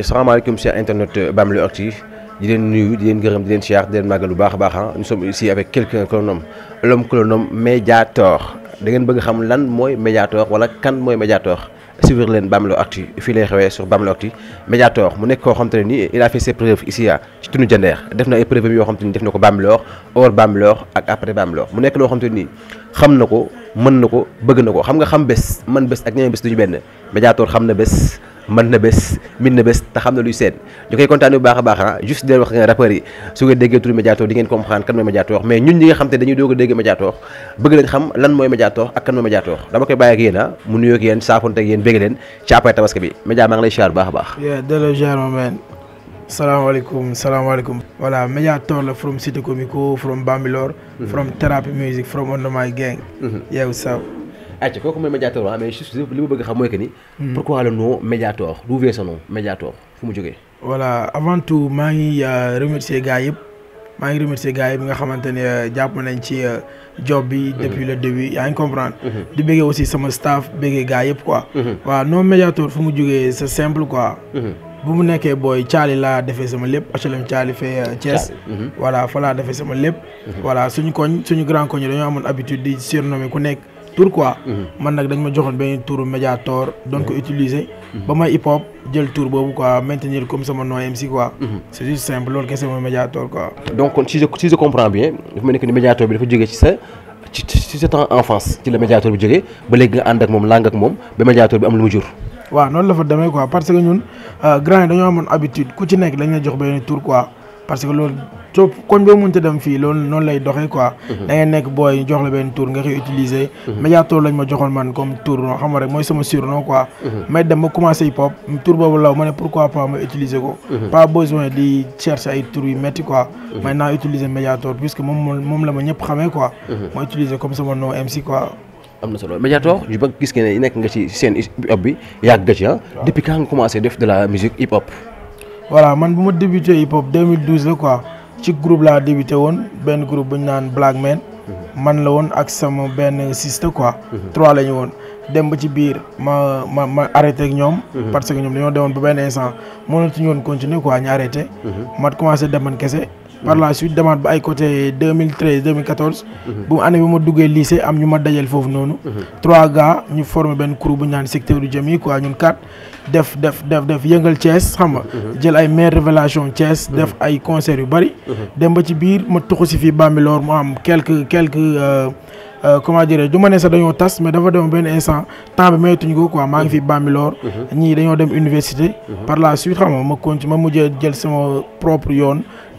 te salaamaaleykum chers internet euh, Bambilor Actu di leen nuyu di leen gërëm di leen siyaar di leen màggal bu baax ah. nous sommes ici avec quelqu'un que l'on nomme l'homme que l'on nomme Mediator da ngeen bëgg xam lan moy médiateur, wala kan moy médiateur. suivre leen Bambilor Actu fii lay sur Bambilor Actu médiateur. mu nekk koo xam il a fait ses preuves ici à ah, ci tunu Jandeer def na mieux preuves yoo xam te def hors Bambilor ak après Bambilor mu nekk loo xam te nii xam na ko mën xam nga xam man bés ak ñeneen tu duñu benn Médiateur, xam na bés man na bés min na bés te xam na luy seen ñu koy kontaane bu baax a baax ah juste di wax nga rappeurs su ngeen déggee turu Mediator di ngeen comprendre kan mooy Mediator mais ñun ñi xam te dañuy doog a dégg Mediator bëgg nañ xam lan mooy Mediator ak kan mooy Mediator dama koy bàyyi ak yéen ah mu nuyoog yéen saafonte ak yéen leen ci après tabaski bi Média maa ngi lay ziar bu baax a delloo ziar ma man salaamaaleykum salaamaaleykum voilà Mediator mais juste hmm. pourquoi le nom médiateur, d'où vient nom voilà avant tout je euh, remercier gars Je remercier gars nga euh, euh, hmm. depuis le début Je comprendre. Hmm. aussi sama staff je gars quoi. nom médiateur, c'est simple quoi. vous mu je sama voilà sama voilà koñ grand koñ mon habitude surnommer ku tour quoi. Mhm. man nak dañ ma joxone ben tour médiateur donc ko utiliser. Mhm. ba ma hip hop jël tour bobu quoi maintenir comme sama nom MC quoi. Mhm. c'est juste simple loolu c'est mooy médiateur quoi. donc si je si je comprends bien dafa mel ni que ni médiator bi dafa jógee ci sa ci ci sa temps enfance ci la médiator bi jógee ba légui nga ànd ak mom lang ak mom be médiateur bi am lu mu jur. wa non la fa demee quoi parce que ñun euh, grand dañu amone habitude ku ci nek dañ la jox ben tour quoi parce que loolu soo koñ boo mënta dem fi lool non lay doxee quoi. Mhm. da ngay nek boy jox la ben tour nga koy utiliser. Mediator mhm. lañ ma joxone man comme tour noo xam rek moy sama surnom quoi. Mhm. may dem ma commencé hip hop tour bobu law mané pourquoi pas ma utiliser ko. pas besoin di chercher ay tour yu metti quoi. maintenant utiliser Mediator puisque mom mom la ma ñep xamé quoi. ma utiliser comme sama nom MC quoi. amna solo Mediator yu ba gis nga ne nekk nga ci seen hip hop bi yàgg nga ci ah. depuis quand nga commencé def de la musique hip hop voilà man bu débuté hip hop 2012 le quoi ci groupe laa débuté woon Ben groupe buñ ñu Black Man mhm. man la woon ak sama Ben sister quoi. Mhm. trois la ñu dem ba ci biir ma ma ma arrêté ak ñom mhm. parce que ñom dañu déwon bu ben instant mënatuñu woon continuer quoi ñu arrêté. ma commencé dem man kessé par la suite demaat ba ay côté 2013 2014. bu année bi mo duggee lycée am ñu ma dajal foofu trois gars ñu formé ben crew bu ñaan secteur du jëm quoi ñun quatre. def def def def yëngal Thiès xam nga. jël ay mère révélation Thiès. def ay concert yu bari. dem ba ci biir ma tuxu si fii Bambilor mu am quelques quelques. Euh, euh, comment dire du ma ne sax dañoo tas mais dafa dem ben instant temps bi mayatuñ ko quoi maa ngi fi Bambilor ñii dañoo dem université. par la suite xam nga ma continué ma mujjee jël sama propre yoon.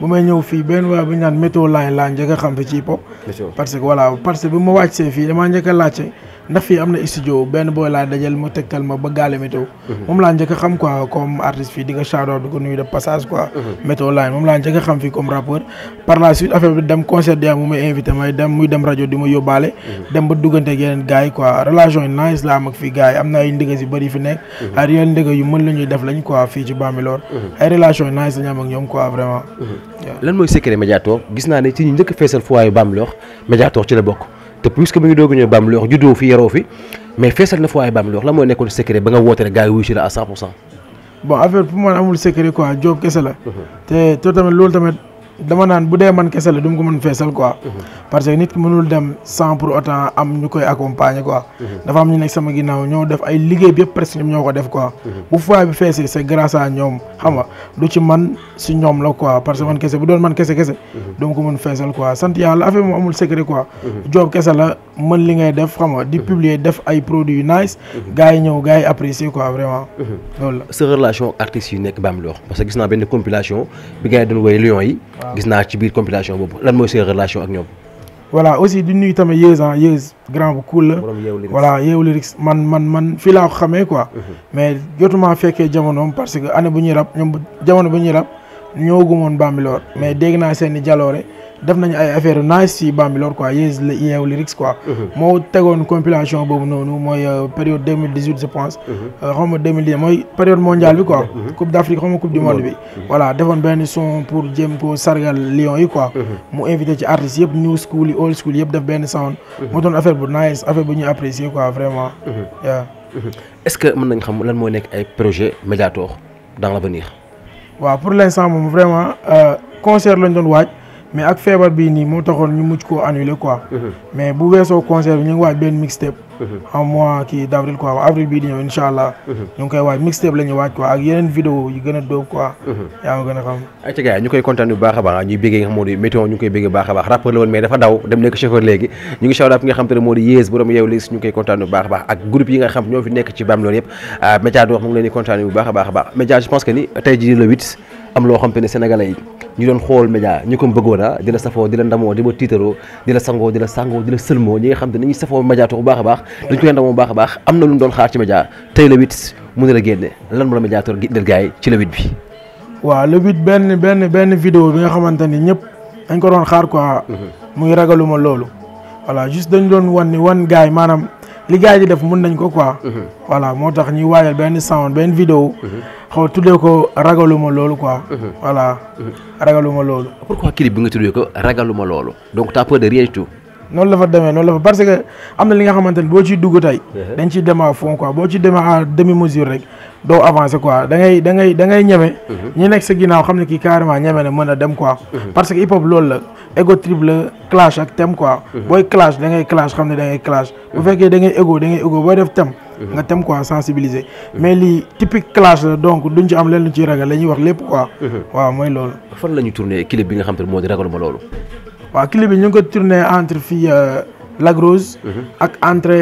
bu may ñëw fii benn waaye bu ñu naan météo laay laa njëkk a xam fi ci hip hop parce que voilà parce que bi ma wàccee fii damaa njëkk a laajte ndax fii am na studio benn booy laa dajal mu tegtal ma ba gaale météo mhm. moom laa njëkk a xam quoi comme artiste fii di nga shout out ko nuyu de passage quoi mhm. météo line moom laa njëkk xam fii comme rappeur par la dem concert di am mu may invité may rajo di ma yóbbaale mhm. dem ba duggante yeneen gars yi quoi relation yi nice la am am na ay ndëgës yu fi nekk ay yu mën la ñuy def lañ quoi fii ci Bambilor ay relation yi nice la ñu am ak ñoom quoi vraiment lan mooy secret Mediator gis naa ne ci ñu njëkk feesal foyer Bambilor Mediator ci la bokk te puisque mu dogu doog bam ñëw Bambilor juddoo fi yaroo fi mais fessel na fo fa waaye Bambilor la moo nekkoon secret ba nga woté ne gars yi wuyu si la 100 bon affaire pour moi amul secret quoi job kessela mhm. té te tamit lool tamit. dama naan bu dee man kese la du mu ko mën feesal quoi. parce que nit ki mënul dem sans pour am ñu koy accompagner quoi. dafa am ñu nekk sama ginnaaw ñoo def ay liggéey bi yëpp presque ñoom ñoo ko def quoi. bu foyer bi feesee c'est grâce à ñoom xam nga ci man si ñoom la quoi parce que man kese bu doon man kese kese. du mu ko mën feesal quoi sant yàlla affaire moom amul secret quoi. job kese la mën li ngay def xam nga di publier def ay produits yu nice. gars yi ñëw gars yi apprécier quoi vraiment. loolu la sa relation ak artistes yu nekk Bambilor parce que gis naa benn compilation bi gars yi doon woy Lions yi. gis naa ci biir compilation boobu lan mooy seen relation ak ñoom. voilà aussi di nuyu tamit Yeuz ah Yeuz grand bu cool la. voilà Yeewu Lyrics man man man fii laa ko xamee quoi. Mhm. mais jotuma fekkee jamonoom parce que année bu ñuy rap ñoom jamono bu ñuy rap ñëwagu woon Bambilor mais dégg naa seen i jaloore def nañu ay affaire nice si Bambilor quoi Yes Yeewu Lyrics quoi. Mhm. moo tegoon compilation boobu noonu mooy euh, période 2018 je pense. Mhm. Euh, xaw ma moi période mondiale bi quoi. Mhm. coupe d'Afrique Afrique coupe du monde bi. voilà defoon benn son pour Djem ko sargal Lyon yi quoi. moi invité ci artistes new school yi old school yëpp def benn sound. moi ton affaire bu nice affaire bu apprécié apprécier quoi vraiment. est-ce que mën nañ xam lan mooy nekk ay projet médiateur dans l'avenir. waaw pour l'instant instant vraiment euh, concert lañ doon mais ak feebar bi ni moo taxoon ñu mucc ko annuler quoi. Mhm. mais bu wesso concert ñu ngi waaj benn mixtape. Mhm. en mois kii d'avril quoi avril bi di inshallah mhm. ñu ngi koy waaj mixtape la ñuy waaj quoi ak yeneen vidéo yu gëna a quoi. yaa gëna xam. ay ci gaay ñu koy contane bu baax baax ñuy béggee nga xam di météo ñu koy béggee bu baax a baax rappeur la mais dafa daw dem nek chauffeur légui ñu ngi shout out nga xam te ne moo borom yeew léegi ñu koy contane bu baax baax ak groupe yi nga xam ñoo fi nekk ci bam lool yépp ah, média do wax mu ngi leen di kontaan bu baax baax baax média je pense que ni tay jii le 8 am loo xam te ne sénégalais yi ñu doon xool média ñi ko bëggoona di la safoo di la ndamoo di la tiitaroo di la sangoo di la sangoo di la sëlmoo ñi nga xam te ne ñu safoo média bu baax a baax dañ koy ndamoo bu baax a baax am na lu ñu doon xaar ci média tey le huit mu ne la génne lan mu la médiateur gi del gars yi ci le huit bi waaw le huit benn benn benn vidéo bi nga xamante ni ñëpp dañ ko doon xaar quoi mhm. muy ragaluma loolu voilà juste dañ doon wan ni wan gars yi maanaam li yi di def mun nañ ko quoi. Mhm. voilà moo tax ñuy waajal benn sound benn vidéo. Mhm. xaw tuddee ko ma loolu quoi. Mhm. voilà ragaluma loolu. pourquoi clip bi nga tuddee ko ma loolu donc t'as peur de rien du noonu la fa demee noonu la fa parce que am na li nga xamante ne boo ciy dugg tey. Mhm. dañ ciy dem à fond quoi boo ci demee à demi mesure rek doo avancer quoi da ngay da ngay da ngay ñeme. Mhm. ñi nekk sa ginnaaw xam ne kii carrément ñeme ne mën a dem quoi. Mhm. parce que hip hop loolu la ego trip la clash ak thème quoi. booy clash da ngay clash xam ne da ngay clash. bu fekkee da ngay ego da ngay ego booy def thème. nga tem quoi sensibiliser. mais lii typique clash la donc duñ ci am leen lu ciy ragal la ñuy wax lépp quoi. waaw mooy loolu. fan la ñu tourné clip bi nga xam te ne moo di ragaluma loolu. waaw clip bi ñu ko tourné entre fi euh, la Rose. Mhm. ak entre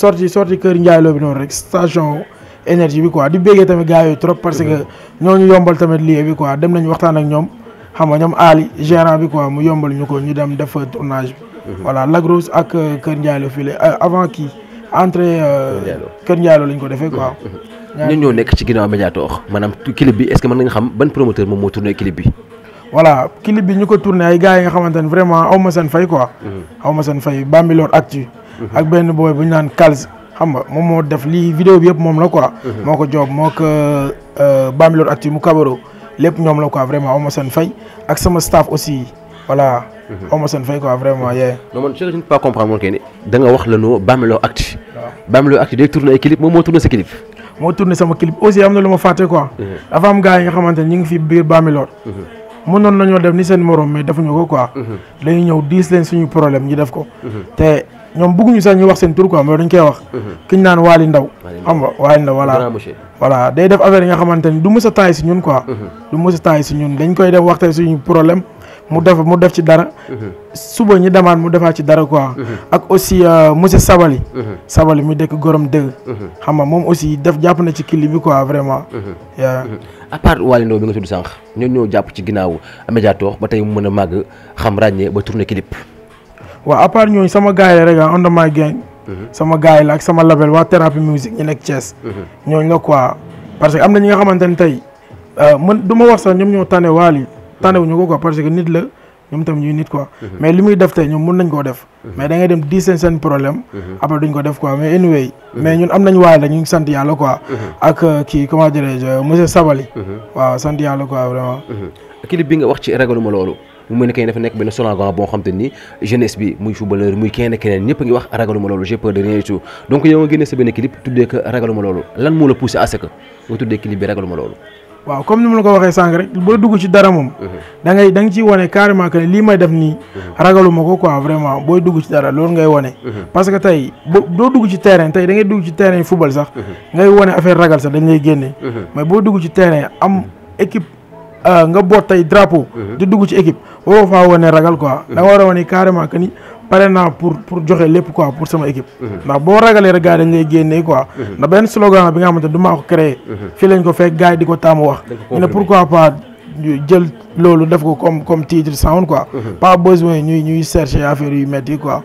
sorti sorti kër ndialo bi non rek station énergie bi quoi di béggee tamit gaay yu trop. parce que mhm. ñooñu yombal tamit lié bi quoi dem nañ waxtaan ak ñom xam nga Ali gérant bi quoi mu yombal ñuko ñu dem def tournage mhm. voilà la Rose ak euh, kër ndialo Lo euh, avant kii entre. kër ndialo Lo lañ ko défé quoi. ñu ñoo nek ci ginnaaw Mediator manam clip bi est-ce que mën nga xam ban promoteur moom mo tourner clip bi voilà clip bi ñuko tourner ay gars yi nga xamante vraiment awma ma fay quoi. Mhm. awma ma seen fay Bambilor Actu. Mhm. ak benn boy bu ñaan naan xam nga moom def li vidéo bi yëpp mom la quoi. Mhm. moko job moko euh ko Bambilor Actu mu kabaro lepp ñom la quoi vraiment awma ma fay ak sama staff aussi voilà. awma ma fay quoi vraiment yee. non man je ne pas comprendre mon kay ni da nga wax la Bambilor Actu. waaw Bambilor Actu day tourner ay clip moom moo tourné sa clip. mo tourner sama clip aussi amna luma faté quoi. avant am gars yi nga xamante ñing ñu ngi fi biir Bambilor. mënoon nañoo def ni seen morom mais defuñu ko quoi. Mhm. dañuy ñëw diis leen suñu problème ñu def ko. Mhm. te ñoom ñu sax ñu wax seen tur quoi mais dañ koy wax. Mhm. kiñ naan Waly Ndaw. xam nga Waly Ndaw voilà. voilà day def affaire yi nga xamante du mës a taay si ñun quoi. du mës a taay si ñun dañ koy def waxtaan suñu problème. mu def mu def ci dara. suba ñu demaat mu defaat ci dara quoi. ak aussi euh, monsieur Sabali. Sabali mu dëkk Gorom 2. xam nga moom aussi def jàpp na ci clip bi quoi vraiment. à part Waly Ndao bi nga tudd sànq ñoo ñoo jàpp ci ginnaaw Mediator ba tey mu mën a màgg xam ràññee ba tourné clip. waaw à part ñooñu sama gars rek ah on my gars yi la sama label waa thérapie musique ñu nekk Thiès. parce que am na ñi nga xamante ne tey euh, man du ma wax sax ñoom ñoo tane Waly tànnewuñu ko ko parce que nit la ñoom tamit ñuy nit quoi. Mhm. mais li muy def tey ñoom mun nañ koo def. Mhm. mais da ngay dem di seen seen problème. Mhm. après duñ ko def quoi mais anyway. mais ñun am nañ waay rek ñu ngi sant yàlla quoi. ak euh, kii comment dirais euh, Sabali. waaw sant yàlla quoi vraiment. clip bi nga wax ci ragaluma loolu. mu mel ni kay nekk benn slogan boo xam te ni jeunesse bi muy footballeur muy kenn keneen ñëpp a ngi wax ragaluma loolu j'ai peur de donc yow nga génne sa benn clip tuddee ko lan moo la poussé à ce que nga tuddee clip bi ragaluma waaw comme ni ma la ko waxee sànq rek bu ci dara moom. Mhm. da ngay da nga ciy wane carrément que lii may def nii. Mhm. ragaluma ko quoi vraiment booy dugg ci dara loolu ngay wane. Mhm. parce que tey boo doo dugg ci terrain tey da ngay dugg ci terrain football sax. ngay wane affaire ragal sa dañ lay génne. mais boo dugg ci terrain am équipe euh, nga boot tey drapeau. di dugg ci équipe waroo faa wane ragal quoi. da nga war a wane carrément que ni. pare naa pour pour joxe lépp quoi pour sama équipe. Mhm. ndax boo ragalee rek gars yi dañ lay génnee mhm. ndax benn slogan bi nga xamante ne du maa ko créé. Mhm. fii lañ ko fekk gars yi di ko taamu wax. ñu ne pourquoi pas jël loolu def ko comme comme titre sound quoi. pas besoin ñuy ñuy chercher affaire yu métti quoi.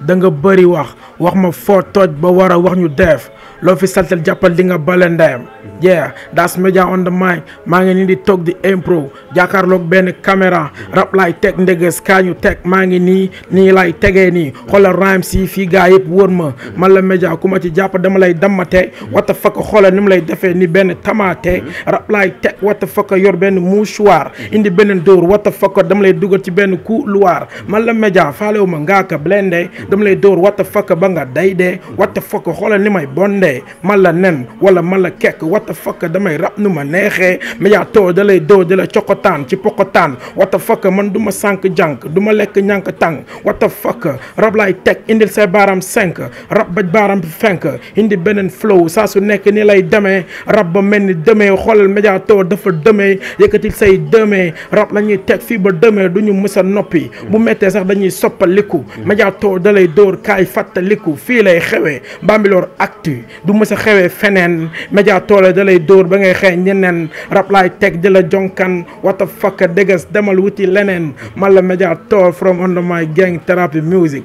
da nga bëri wax wax ma foo tooj ba war a wax ñu def loo fi saltel jàppal di nga bale ndeyam yeah das media on the mic maa ngi nii di toog di impro jàkkaarloog benn caméra rap laay teg ndéges kaa ñu teg maa ngi nii nii laay tegee nii xoolal rhymes yi fii gaa yëpp wër ma man la média ku ma ci jàpp dama lay damate what the fuck ni mu lay defee ni benn tamaate rap laay teg what the fuck yor benn mouchoir indi benn door what the dama lay dugal ci benn couloir man la média faalewu ma ngaaka blende dama lay dóor what the fuck ba nga day dee what the fuck xoolal ni may bondee man la nen wala man la kekk what the damay rab nu ma neexee médiator da lay dóor di la cokotaan ci pokotaan what the fuck man du ma sànq jànk du lekk ñànk tàng what the fuck rab lay teg indil sa baaram cinq rab ba baaram fenk indi beneen flow saa su nekk ni lay demee rab ba mel ni demee xoolal médiator dafa demee yëkkatil say demee rab la ñuy teg fii ba demee du ñu mës a noppi bu méttee sax dañuy soppaliku lay door kaay fàttaliku fii lay xewee Bambilor Actu du mës a xewee feneen média toole da door ba ngay xëy ñeneen rab laay teg di la jonkan what the fuck dëggas demal wuti leneen man la média tool from under my gang therapy music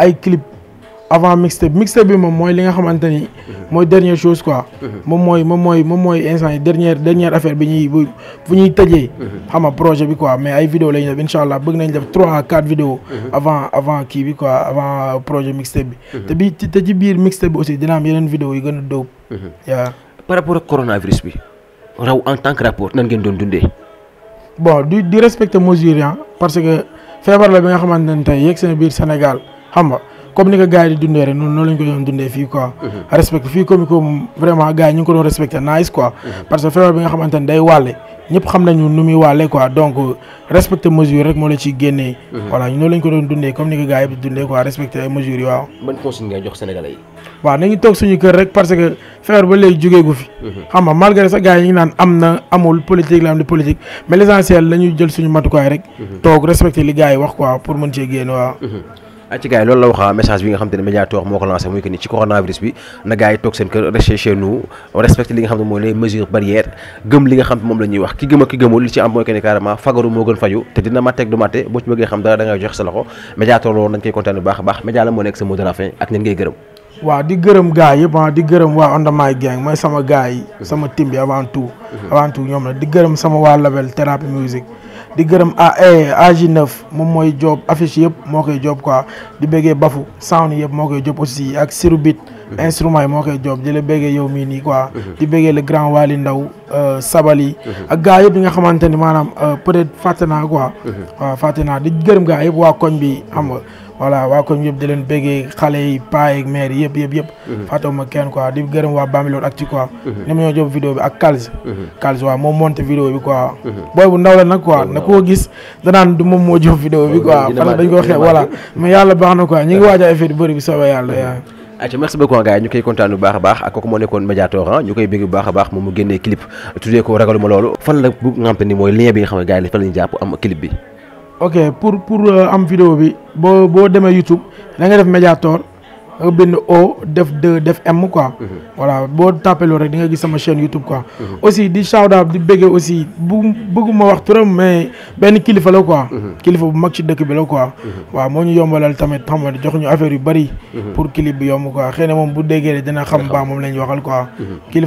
ay clip avant mixtape mixtape bi mom moy li nga xamante moy dernière chose quoi. mom moy mom moy mom moy instant dernière dernière affaire bi ñuy bu ñuy tejé xama projet bi quoi mais ay vidéo la ñuy def incha allah nañ def 3 à quatre vidéos. avant avant ki bi quoi avant projet mixtape bi. te bi te ci biir mixtape bi aussi dina am yeneen vidéo yu gëna dope ya par rapport au coronavirus bi raw en tant que rapport nan ngeen doon dundé bon di respecter mesures yi hein, parce que feebar la bi nga xamante tay tey yegg seen biir Sénégal. xam nga comme ni ko gars yi di dundee rek noonu noonu lañ ko doon dundee fii quoi mhm. respecté fii comico moom ne day wàlle ñëpp xam nañu nu muy moo la ciy génnee mhm. voilà noonu ko doon dundee comme ni ko gars yi di dundee quoi respecté ay mesures yi rek parce que feebar ba léegi jógeegu mhm. xam nga malgré sax gars yi ñu naan am na amul politique la am di politique mais l' la ñu jël suñu matukaay rek toog respecté li gars yi wax quoi pour mën cee génn waaw ci gars loolu la waxa ah, message bi nga xam te ne médiateur moo ko lancé muy que ci coronavirus bi na gars toog seen kër rester chez li nga xam ne mooy les mesures barrières gëm li nga xam moom la wax ki gëm li ci am mooy que fagaru moo gën faju te dina matte ak du boo ci bëggee xam dara da ngay sa loxo médiateur loolu dañ koy kontaan bu baax a baax média la moo nekk sa mot de la fin ak ñen ngay gërëm waaw di gërëm gars yëpp ah, di sama gars mhm. di gërëm a ag moom mooy job affiche yëpp moo koy job quoi di bëggee bafu sound yëpp moo koy job aussi ak sirubit mhm. instrument yi moo koy job di la bëggee yow mii nii quoi mhm. di bëggee le grand Wali Ndaw euh, Sabali mhm. ak gars yëpp yi nga xamante ni maanaam euh, peut-être fàtte naa quoi waaw fàtte naa di gërëm gaa yëpp waa koñ bi xam voilà waa koñ yëpp di leen béggee xale yi paa yëpp yëpp yëpp mhm. fàttewuma kenn quoi di gërëm waa Bambilor mhm. ak ci mhm. koo gis danaan du moom na a effet bu bëri bi koy a moo nekkoon médiateur ñu koy bégg bu baax a baax moom mu génnee clip tuddee ko ragaluma loolu fan la bu nga ni mooy lien nga xam ne gars yi fan la jàpp am clip bi ok pour pour euh, am vidéo bi boo boo demee YouTube da nga def Mediator nga benn O def 2 def M quoi. Mhm. voilà boo tapé rek di nga gis sama chaîne YouTube quoi. Mhm. aussi di shout di bëggee aussi bu bëgguma wax turam mais benn kilifa la quoi. Mhm. kilifa bu mag na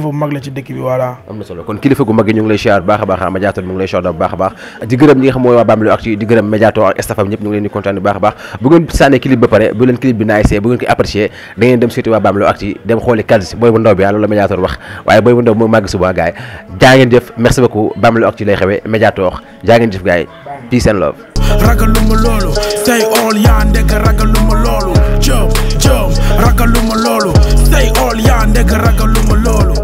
moom am na solo kon kilifa yi ñu ngi lay siyaar baax a baax ah a di gërëm ñi xam mooy waa Bambilor Actu di gërëm Mediator ak staff am ñëpp ngi leen di baax a baax bu sànnee clip ba pare bu leen clip bi naayisee bu ngeen ko apprécier jotee da ngeen dem surtout waa Bambilor Actu dem xooli Kals booy bu ndaw bi ah loolu la médiateur wax waaye booy bu ndaw moo màgg suba gars yi jaa ngeen jëf merci beaucoup Bambilor Actu lay xewee médiateur jaa jëf gars peace and love. ragaluma loolu say all yaa loolu jëm all yaa ndeg ragaluma loolu.